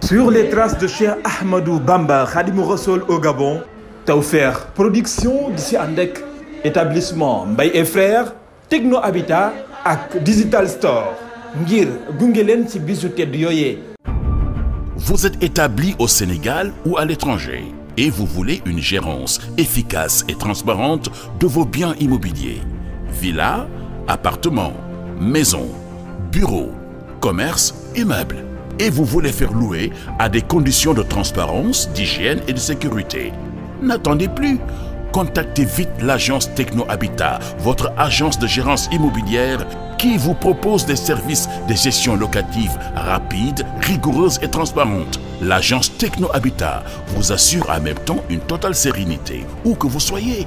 Sur les traces de Cheikh Ahmadou Bamba Khadimou Rassoul au Gabon Tawfekh Production di établissement Mbaye et Frères Techno Habitat ak Digital Store ngir gunge leen ci bisu tedd yooyee. Vous êtes établi au Sénégal ou à l'étranger et vous voulez une gérance efficace et transparente de vos biens immobiliers villas appartements maisons bureaux, commerce immeubles. Et vous voulez faire louer à des conditions de transparence, d'hygiène et de sécurité. N'attendez plus. Contactez vite l'agence Techno votre agence de gérance immobilière qui vous propose des services de gestion locative rapide, rigoureuse et transparente. L'agence Techno Habitat vous assure en même temps une totale sérénité, où que vous soyez.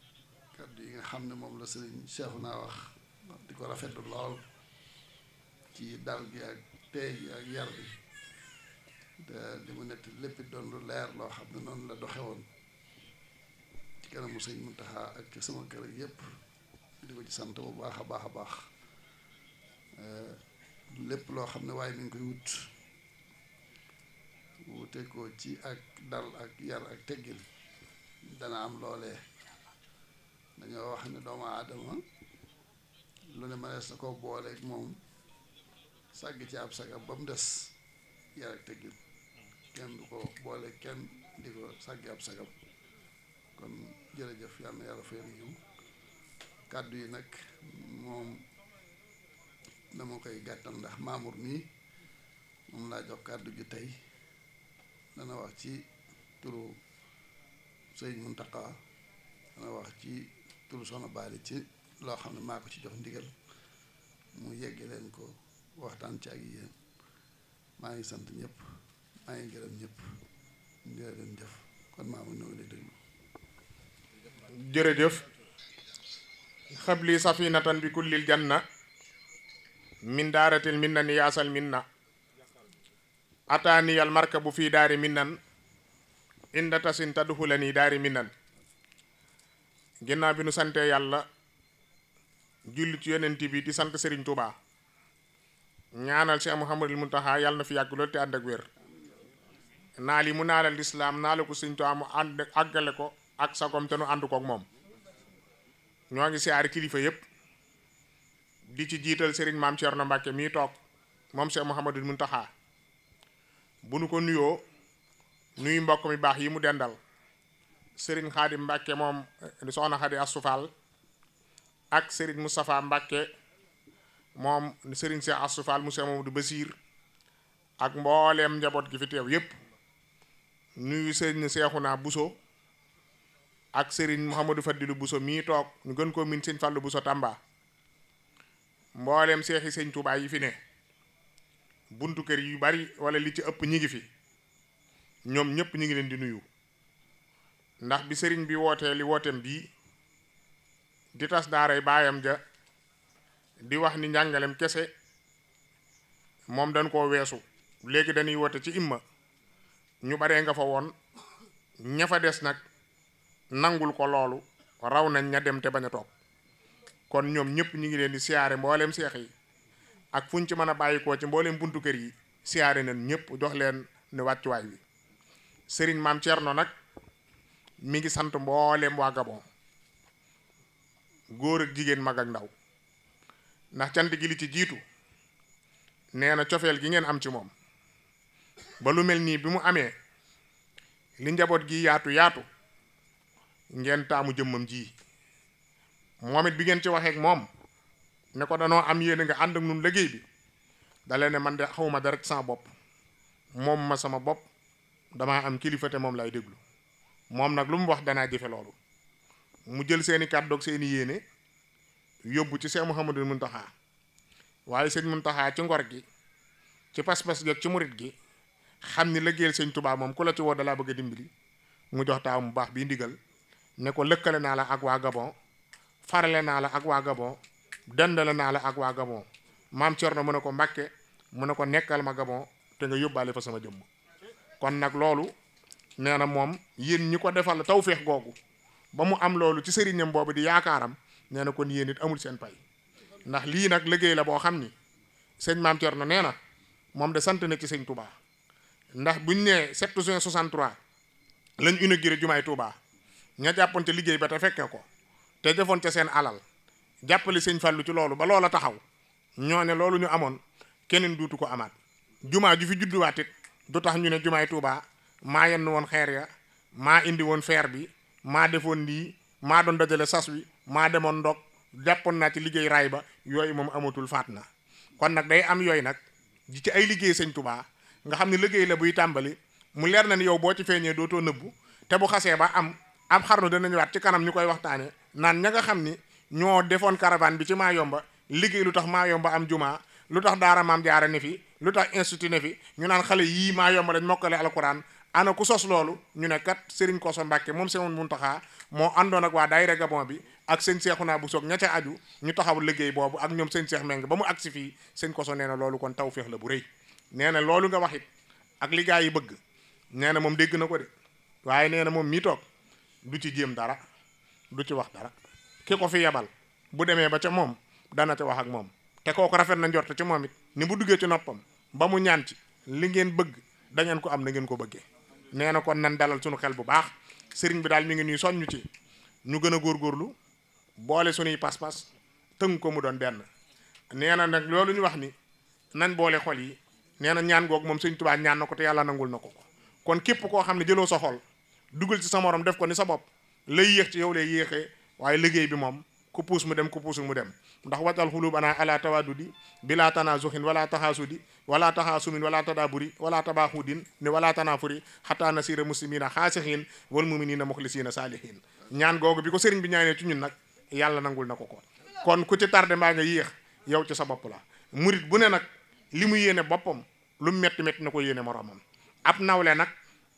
kaddu yi nga xam ne moom la sëriñ naa wax di ko rafetlu lool ci dal gi ak teey gi ak yar bi te li mu nett lépp doon lu leer loo xam ne noonu la doxe woon ci kanamu sëñ Muntaxa ak sama kër yépp di ko sant bu baax a baax a baax lépp loo xam ne waaye mi ngi koy wut wute ko ci ak dal ak yar ak teggin dana am loolee dañoo wax ni doomu aadama lu ne mënees na koo booleeg moom sàgg ci ab sagam ba des yar ak kenn du ko boole kenn di ko sàggi ab sagam kon jërëjëf yàlla na yàlla fayal kàddu yi nag moom dama koy gàttal ndax Mamour mii moom laa jox kàddu ji tey dana wax ci turu sëñ Muntaqa dana wax ci turu soxna Baali ci loo xam ne maa ci jox ndigal mu yegge leen ko waxtaan ci ak yéen ngi sant ñëpp maa ngi gërëm ñëpp njëre leen jëf xabli safinatan bi kullil janna min daaratil minnan yaasal minna ataaniyal markabu fii daari minnan inda tasin tadxulani daari minnan ginnaaw bi nu santee yàlla julli ci yonent bi di sant Serigne Touba ñaanal Cheikh mu Mountakha yàlla na fi yàgg lool te ànd ak wér naal yi mu naalal lislaam naala ko Serigne Touba mu àggale ko ak sagom te nu ànd kook moom ñoo ngi siyaare kilifa yépp di ci jiital Serigne maam Thierno Mbacke mii toog moom Cheikh mu Mountakha bu nu ko nuyoo nuyu mbokk mi baax yi mu dendal. sëriñ xaadim mbàkke moom di soxna xadi asufal ak sëriñ mu safaa mbàkke moom sëriñ si asufal monsieur Mamadou Basir ak mbooleem njaboot gi fi teew yépp nuyu sëriñ naa buso ak sëriñ mouhamadou fadilu buso mii toog ñu gën koo min sëñ fàllu buso tàmba mbooleem seexi sëñ Tuubaa yi fi ne buntu kër yu bari wala li ci ëpp ñi fi ñoom ñëpp ñi ngi leen di nuyu ndax bi sëriñ bi wootee li wooteem bii di tas daaray baayam ja di wax ni njàngalem kese moom dañ koo weesu léegi dañuy woote ci imma ñu baree nga fa woon ñafa des nag nangul ko loolu raw nañ ña dem te bañ toog kon ñoom ñëpp ñu ngi leen di siyaare mbooleem seex yi ak fuñ ci mën a bàyyikoo ci mbooleem buntu kër yi siyaare nañ ñëpp jox leen ne wàccuwaay wi sëriñ maam Cerno nag mi ngi sant mboole waa Gabon góor ak jigéen mag ndaw ndax cant gi li ci jiitu nee na cofeel gi ngeen am ci moom ba lu mel nii bi mu amee li njaboot gi yaatu yaatu ngeen taamu jëmmam ji moomit bi ngeen ci waxeek moom ne ko danoo am yéene nga ànd ak nun liggéey bi dalee ne man de xawma dara ci bopp moom ma sama bopp damaa am kilifa te moom lay déglu moom nag lu mu wax danaa jëfe loolu mu jël seeni kàddu ak seeni yéene yóbbu ci Cheikh Mouhamadou Mountakha waaye sëñ Mountakha ci ngor gi ci pas-pas gi ci murit gi xam ni liggéeyal sëñ tubaab moom ku la ci woo dalaa bëgg a dimbali mu jox taaw mu baax bii ndigal ne ko lëkkale naa la ak waa Gabon farale naa la ak waa Gabon dendale naa la ak waa Gabon maam Cerno mu ne ko Mbàkke mu ne ko nekkal ma Gabon te nga yóbbaale fa sama jëmm kon nag loolu nee na moom yéen ñi ko defal feex googu ba mu am loolu ci sëriñam boobu di yaakaaram nee na kon yéen it amul seen pay ndax lii nag liggéey la boo xam ni sëñ Maam Thierno nee na moom de sant na ci sëñ Touba ndax buñ nee 7 juin 63 lañ inauguré jumaay tuubaa ña jàppoon ca liggéey ba te fekkee ko te defoon ca seen alal jàppale sëñ Fallou ci loolu ba loola taxaw ñoo ne loolu ñu amoon keneen duutu ko amaat jumaa ju fi judduwaat it tax ñu ne jumaay Touba maa yenn woon xeer ya maa indi woon feer bi maa defoon lii maa doon dajale sas wi maa demoon ndog jàppoon naa ci liggéey raay ba yooyu moom amatul faat na kon nag day am yooyu nag ji ci ay liggéey sañ tubaa nga xam ne liggéey la buy tàmbali mu leer na ni yow boo ci feeñee dootoo nëbbu te bu xasee ba am ab xarnu dana ñëwaat ci kanam ñu koy waxtaane naan ña nga xam ni ñoo defoon karabaan bi ci maa yomba liggéey lu tax maa yomba am jumaa lu tax daara maam jaara fi lu tax institut ne fi ñu naan xale yii maa yomba dañ mokkale alquran ana ku sos loolu ñu ne kat Serigne Koso Mbacke moom Serigne Mountakha moo àndoon ak waa daayira Gabon bi ak sëñ naa bu soog ña ca aju ñu taxaw liggéey boobu ak ñoom sëñ Seex Meng ba mu agsi fii sëñ Koso nee loolu kon tawféex la bu rëy nee na loolu nga wax it ak li yi bëgg nee na moom dégg na ko de waaye nee na moom mii toog du ci jéem dara du ci wax dara ki ko fi yebal bu demee ba ca moom dana ca wax ak moom te kooku rafet na njort ci moom it ni bu duggee ci noppam ba mu ñaan ci li ngeen bëgg da ngeen ko am na ngeen ko bëggee. nee na kon nan dalal suñu xel bu baax sëriñ bi daal mu ngi nuy soññu ci ñu gën a góorgóorlu boole suñuy pas-pas tëng ko mu doon benn nee na nag loolu ñu wax ni nañ boole xol yi nee na ñaan googu moom sëñ Tuubaa ñaan na ko te yàlla nangul na ko ko kon képp koo xam ne jëloo sa xol dugal ci sa morom def ko ni sa bopp lay yéex ci yow lay yéexee waaye liggéey bi moom ku puus mu dem ku puusul mu dem ndax watal xulubana ala tawadudi bila tanazuhin wala taxaasudi wala taxaasumin wala tadaburi wala tabaxudin ne wala tanafuri xataa nasira muslimina xaasixin wal muminina muxlisina saalihin ñaan googu bi ko sëriñ bi ñaanee ci ñun nag yàlla nangul na ko ko kon ku ci tardé mbaa nga yéex yow ci sa bopp la murit bu ne nag li mu yéene boppam lu metti metti na ko yéene moromam ab nawle nag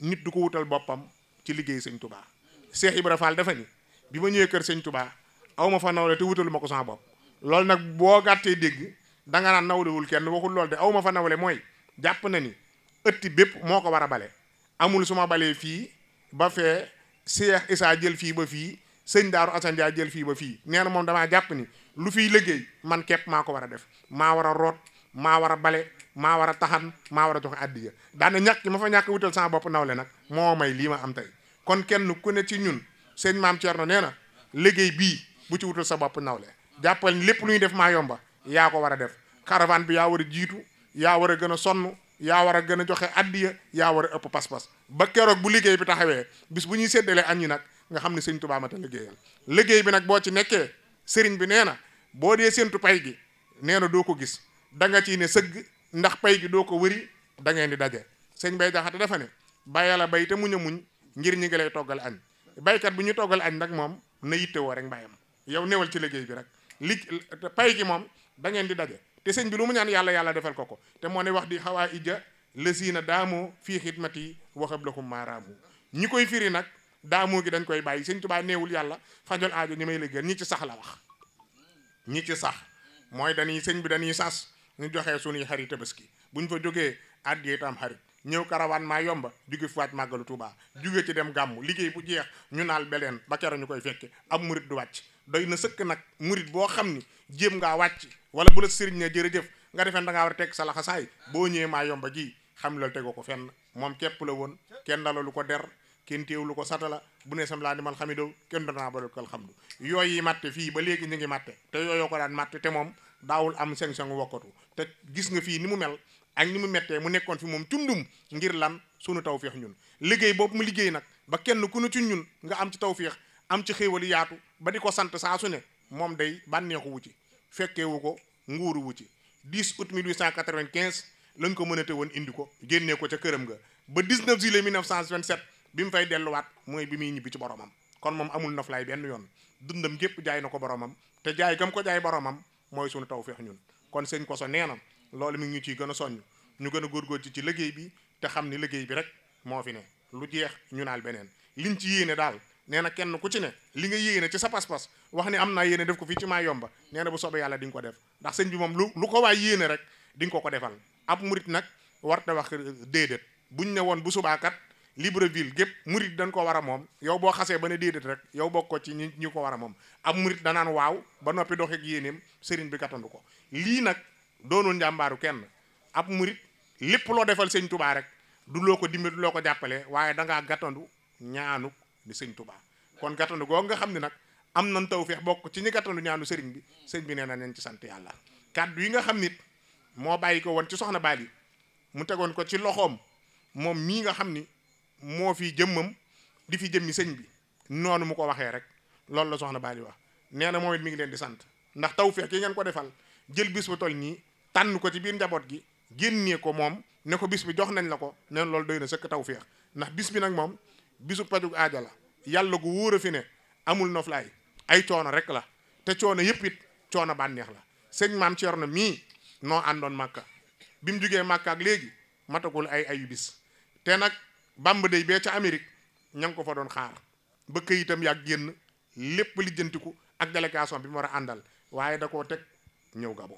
nit du ko wutal boppam ci liggéey sëñ tubaa Cheikh Ibra Fall dafa ni bi ma kër sëñ tubaa aw ma fa nawle te wutalu ko saa bopp loolu nag boo gàttee dégg da nga naan nawlewul kenn waxul loolu de aw ma fa nawle mooy jàpp na ni ëtti bépp moo ko war a bale amul su ma fii ba fee Cheikh Issa jël fii ba fii sëñ Daaru Assane jël fii ba fii nee na moom damaa jàpp ni lu fiy liggéey man képp maa ko war a def maa war a root maa war a bale maa war a taxan maa war a joxe àddiya daana ñàkk ma fa ñàkk wutal saa bopp nawle nag moo may lii ma am tey kon kenn ku ne ci ñun sëñ maam Thierno nee na léggéey bii bu ci wutal sa bopp nawle jàppal ni lépp lu def maa yomba yaa ko war a def caravane bi yaa war a jiitu yaa war a gën a sonn yaa war a gën a joxe addiya yaa war a ëpp pas-pas ba keroog bu liggéey bi taxawee bis bu ñuy séddalee añ yi nag nga xam ne sëñ Tuubaa ma te liggéey bi nag boo ci nekkee sëriñ bi nee na boo dee séntu pay gi nee na doo ko gis da ci ne sëgg ndax pay gi doo ko wëri da ngeen di daje sëñ bay jaxate dafa ne bàyyi bay te muñ a muñ ngir ñi ngi lay toggal añ baykat bu ñu toggal añ nag moom na yittewoo rek mbayam yow newal ci liggéey bi rek li pay gi moom da di daje te sëñ bi lu mu ñaan yàlla yàlla defal ko ko te moo ne wax di xawaa ija lësiina daamoo fii xidmat yi waxab maa maaraamu ñi koy firi nag daamoo gi dañ koy bàyyi sëñ tubaa neewul yàlla fajol aajo ñi may liggéeyal ñi ci sax la wax ñi ci sax mooy dañuy sëñ bi dañuy sas ñu joxee suñuy xari tabaski buñ fa jógee àddiyee tam xarit ñëw karawaan maa yomba jóge fu wàcc màggalu Tuubaa jóge ci dem gàmmu liggéey bu jeex ñu naal beleen ba keroog ñu koy fekke am murit du wàcc doy na sëkk nag murit boo xam ni jéem ngaa wàcc wala bu la sëriñ ne jërëjëf nga defeen da ngaa war a teg sa laxasaay boo ñëwee maa yomba ji xam la tegoo ko fenn moom képp la woon kenn dalalu ko der kenn teewlu ko satala bu ne sam laa dimal xamidow kenn danaa balol ko alxamdu yooyu matte fii ba léegi ñu ngi matte te yooyoo ko daan matte te moom daawul am seng-seng wokkatu te gis nga fii ni mu mel ak ni mu mettee mu nekkoon fi moom cum tundum ngir lan sunu tawféex ñun liggéey boobu mu liggéey nag ba kenn ku nu ci ñun nga am ci tawféex am ci xéewal yaatu ba di ko sant saa su ne moom dey day bànneexu wu ci fekkeewu ko nguuru wu ci 10 août 1895 lañ ko mënate woon indi ko génnee ko ca këram nga ba 19 juillet 1927 bi mu fay delluwaat mooy bi muy ñibbi ci boromam kon moom amul noflaay benn yoon dundam gépp jaay na ko boromam te jaay gam ko jaay boromam mooy taw tawfeex ñun kon sëñ Koso nee na lool mi ngi ñu ciy gën a soññ ñu gën a góorgóorlu ci liggéey bi te xam ni liggéey bi rek moo fi ne lu jeex ñu naal beneen liñ ci yéene daal nee na kenn ku ci ne li nga yéene ci sa pas-pas wax ni am naa yéene def ko fii ci maa yomba nee bu soobee yàlla di ko def ndax sëñ bi moom lu lu ko waay yéene rek di nga ko ko defal ab murit nag warta wax euh, déedéet buñ ne woon bu subaakat Libreville gépp murit dañ ko war a moom yow boo xasee ba ne déedéet rek yow bokk ko ci ñi ñi ko war a moom ab murit danaan waaw ba noppi doxeeg yéeneem sëriñ bi katandu ko lii nag doonul njàmbaaru kenn ab murit lépp loo defal sëñ tubaa rek du loo ko dimbali loo ko jàppale waaye dangaa gàttandu ñaanu di sëñ tubaa kon gàttandu googu nga xam ne nag am nañ tawféex bokk ci ñi gàttandu ñaanu sëriñ bi sëñ bi nee na nañ ci sant yàlla kàddu yi nga xam nit moo bàyyi ko woon ci soxna Bali mu tegoon ko ci loxoom moom mii nga xam ni moo fi jëmmam di fi jëmmi sëñ bi noonu mu ko waxee rek loolu la soxna yi wax nee na moom mi ngi leen di sant ndax tawféex yi ngeen ko defal jël bis bu toll nii tànn ko ci biir njaboot gi génnee ko moom ne ko bis bi jox nañ la ko neen loolu doy na sëkk tawféex ndax bis bi nag moom bisu pajug aaja la yàlla gu wóor a fi ne amul noflaay ay coono rek la te coono yëpp it coono bànneex la sëñ maam na mii noo àndoon màkka bi mu jugee màkka ak léegi matagul ay ayu bis te nag bamba day bee ca Amérique ña ngi ko fa doon xaar ba këyitam yàgg génn lépp lijjantiku ak délégation bi mu war a àndal waaye da koo teg ñëw Gabon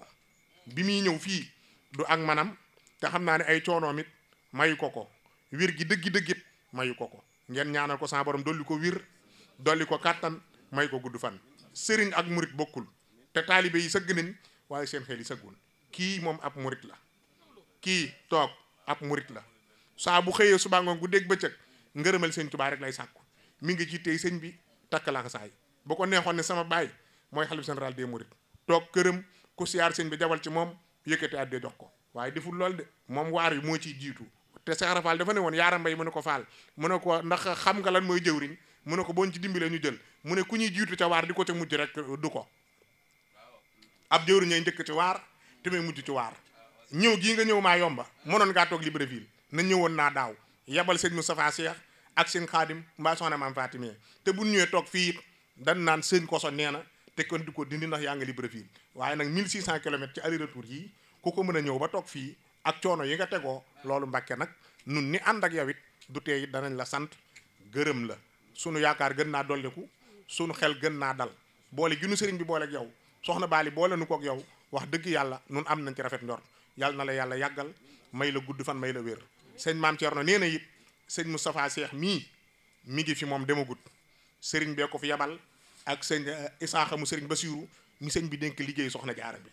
bi muy ñëw fii du ak manam te xam naa ne ay coonoom it mayu ko ko wér gi dëggi dëggit mayu ko ko ngeen ñaanal ko sa dolli ko wir dolli ko kàttan may ko gudd fan sëriñ ak murit bokkul te taalibe yi sëgg nañ waaye seen xel yi sëggul kii moom ab murit la kii toog ab murit la saa bu xëyee suba ngoon gu dégg bëccëg ngërëmal sëñ tubaar rek lay sàkku mi ngi ci tey sëñ bi takk laa saay boo ko neexoon ne sama baay mooy xalif général des murit toog këram ku siyaar sëñ bi jabal ci moom yëkkati àddee jox ko waaye deful lool de moom waar yu moo ciy jiitu te Cheikh Ibra Fall dafa ne woon yaara mbay mu ne ko faal mu ne ko ndax xam nga lan mooy jëwriñ mu ne ko boon ci dimbalee ñu jël mu ne ku ñuy jiitu ca waar di ko ca mujj rek du ko ab jëwriñ ñooy njëkk ci waar te may mujj ci waar ñëw gii nga ñëw maa yomba noon ngaa toog Libreville na ñëwoon naa daaw yebal sëñ Moustapha Cheikh ak seen xaadim mbaa soxna maam Fatimé te bu ñëwee toog fii dan naan sëñ koso nee na te kon di ko dindi ndax yaa ngi Libreville waaye nag 1600 kilomètres ci aller retour yi ku ko mën a ñëw ba toog fii ak coono yi nga tegoo loolu Mbàkke nag nun ni ànd ak yow it du tee danañ la sant gërëm la sunu yaakaar gën naa dolliku sunu xel gën naa dal boole gi sëriñ bi boole ak yow soxna Baali boole nu kook yow wax dëgg yàlla nun am nañ ci rafet njort yàlla na la yàlla yàggal may la gudd fan may la wér sëñ maam Thierno nee na it sëñ Moustapha Seex mii mi ngi fi moom demagut sëriñ bee ko fi yabal ak sëñ eh, Isaaxa mu sëriñ ba Basiiru mi sëñ bi dénk liggéey soxna jaara bi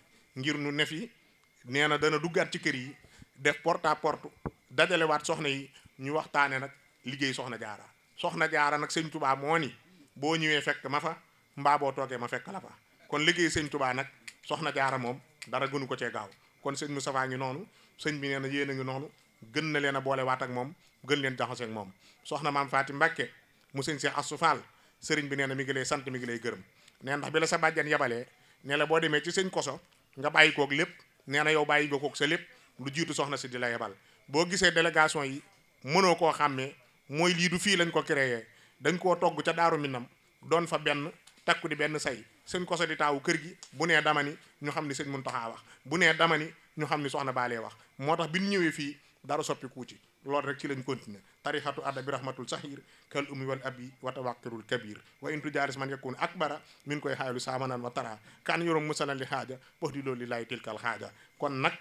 nee na dana duggaat ci kër yi def porte à porte dajalewaat soxna yi ñu waxtaane nag liggéey soxna jaara soxna jaara nag sëñ tubaa moo ni boo ñëwee fekk ma fa mbaa boo toogee ma fekk la fa kon liggéey sëñ tubaa nag soxna jaara moom dara gënu ko cee gaaw kon sëñ mu Moustapha ngi noonu sëñ bi nee na yéen a ngi noonu gën na leen a boolewaat ak moom gën leen jaxaseeg moom soxna maam Faati Mbàkke mu sëñ Seex Asu Faal sëriñ bi nee na mi ngi lay sant mi ngi lay gërëm nee ndax bi la sa bàjjan yabalee ne la boo demee ci sëñ koso nga bàyyi koog lépp nee na yow bàyyi nga kook sa lépp lu jiitu soxna si di la yebal boo gisee délégation yi mënoo koo xàmmee mooy lii du fii lañ ko créé dañ koo togg ca daaru minam doon fa benn takku di benn say sëñ koso di taawu kër gi bu nee dama ni ñu xam ni sëñ taxaa wax bu nee dama ni ñu xam ni soxna baalee wax moo tax bi nu ñëwee fii dara soppi kuu ci loolu rek ci lañ continuer tarixatu adda bi rahmatul sahir kal ummi wal abi wa tawaqirul kabir wa in tujaaris man yakun akbara min koy xaayalu saamanan wa tara kan yorom musanan li xaaja box di loolu li laay tilkal xaaja kon nag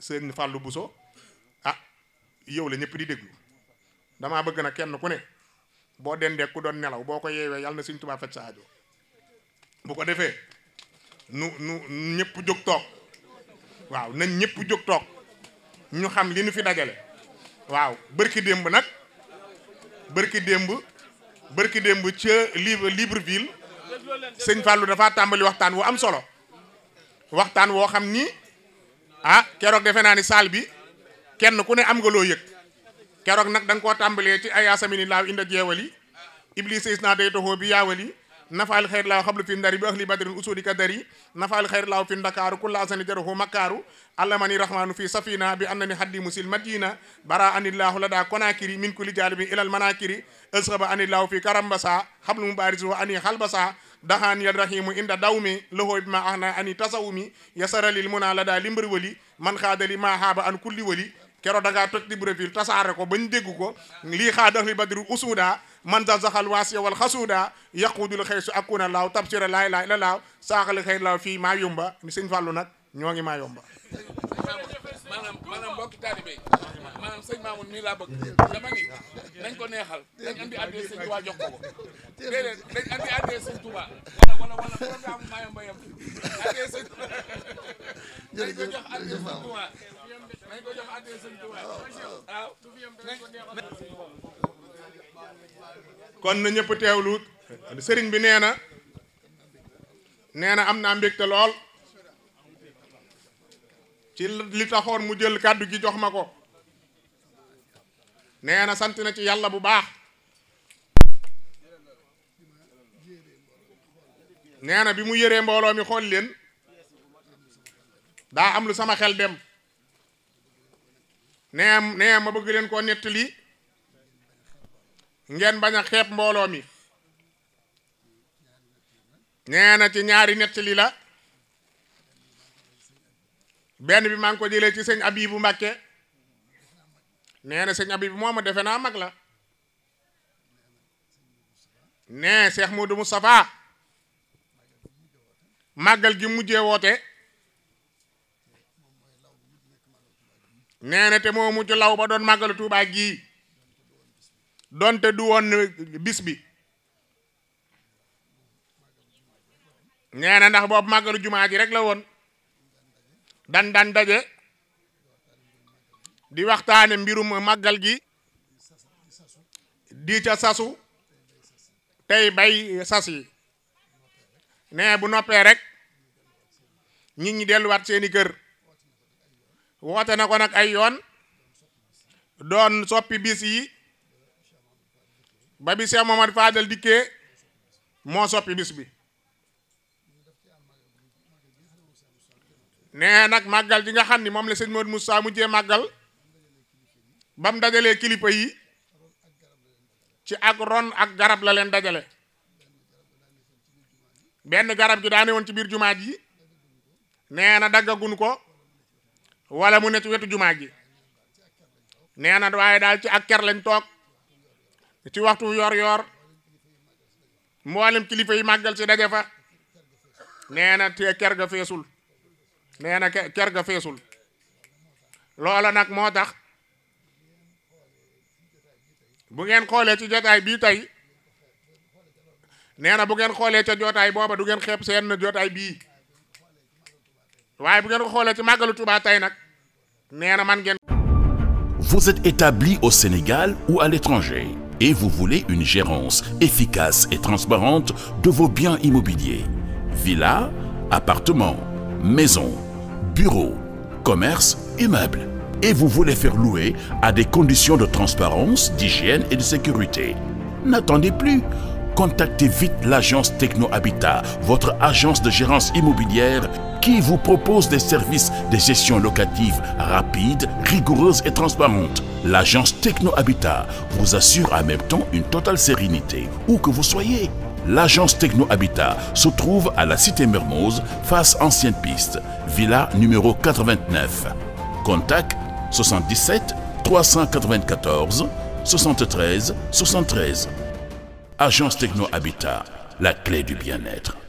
sëñ Fallou Bousso ah yow la ñëpp di déglu damaa bëgg na kenn ku ne boo dendee ku doon nelaw boo ko yeewee yàlla na sëñ Tuubaa faj sa aajo bu ko defee nu nu ñëpp jóg toog waaw nañ ñëpp jóg toog ñu xam li nu fi dajale waaw bërki démb nag bërki démb bërki démb libre Libreville sëñ Fallou dafa tàmbali waxtaan wu am solo waxtaan woo xam ni ah keroog defe naa ni saal bi kenn ku ne am nga loo yëg keroog nag da nga koo tàmbalee ci ay asamini laaw inda jeewali iblis is naa day toxoo bi yaawali nafaal xayr laaw xablu fi ndari bi ahli badrin usuli ka dari nafaal xayr laaw fi ndakaaru kulla asani jaruhu makkaaru allamani rahmanu fi safina bi annani haddi musil madina bara anillahu lada konakiri min kulli jalibi ilal manakiri asxaba anillahu fi karambasa xablu mubaris wa ani xalbasa daxaan rahimu inda dawmi loxoo ma ahna ani tasawumi yasaralil muna lada limbri man xaadali ma haaba an kulli kero da ngaa toj Libreville tasaare ko bañ dégg ko lii xaada li badru usuuda man za zaxal waasiya wal xasuuda yaqudul xeysu akuna laaw tabsira laa ilaaha illa laaw saaxali xëy laaw fii maa yomba ni sëñ Fàllu nag ñoo ngi maa yomba maanaam maanaam mbokki nañ ko neexal dañ jox ko ko déedéet ko jox addee sëñ Tuubaa kon na ñëpp teewlu sëriñ bi nee na nee na am naa mbégte lool ci li taxoon mu jël kàddu ji jox ma ko nee na sant na ci yàlla bu baax nee na bi mu yëree mbooloo mi xool leen daa am lu sama xel dem nee nee ma bëgg leen koo nettali ngeen bañ a xeeb mbooloo mi nee na ci ñaari nettali la benn bi maa ngi ko jëlee ci sëñ Abibu Mbàkke nee na sëñ Abibu mooma defe naa mag la nee Cheikh Modou Moustapha màggal gi mujjee woote nee na te moo mujj law ba doon màggalu Tuubaa gii donte du woon bis bi nee na ndax boobu màggalu jumaa ji rek la woon dan dan daje di waxtaane mbirum màggal gi di ca sasu tey bay sas yi nee bu noppee rek nit delluwaat seeni kër woote na ko nag ay yoon doon soppi bis yi ba bi Cheikh Mohamad Fadal dikkee moo soppi bis bi nee nag màggal ji nga xam ni moom la sëñ Modou Moussa mujjee màggal ba mu dajalee kilifa yi ci ak ron ak garab la leen dajale benn garab gi daane woon ci biir jumaa ji nee na daggagun ko wala mu ne ci wetu jumaa ji nee na waaye daal ci ak ker lañ toog ci waxtu yor-yor mboolem kilifa yi màggal si daje fa nee na te ker ga feesul nee na ker ga feesul loola nag moo tax bu ngeen xoolee ci jotaay bii tey nee na bu ngeen xoolee ca jotaay booba du ngeen xeeb seen na jotaay bii. waaye bu ngeen ko xoolee ci na man ngeen. Vous êtes établi au Sénégal ou à l'étranger et vous voulez une gérance efficace et transparente de vos biens immobiliers. Villa, appartement, maison, bureau, commerce, immeuble. Et vous voulez faire louer à des conditions de transparence, d'hygiène et de sécurité. N'attendez plus. Contactez vite l'agence Techno Habitat, votre agence de gérance immobilière qui vous propose des services de gestion locative rapides, rigoureuses et transparentes. L'agence Techno Habitat vous assure à même temps une totale sérénité, où que vous soyez. L'agence Techno Habitat se trouve à la cité Mermoz, face ancienne piste, villa numéro 89. Contact Agence Techno Habitat, la clé du bien-être.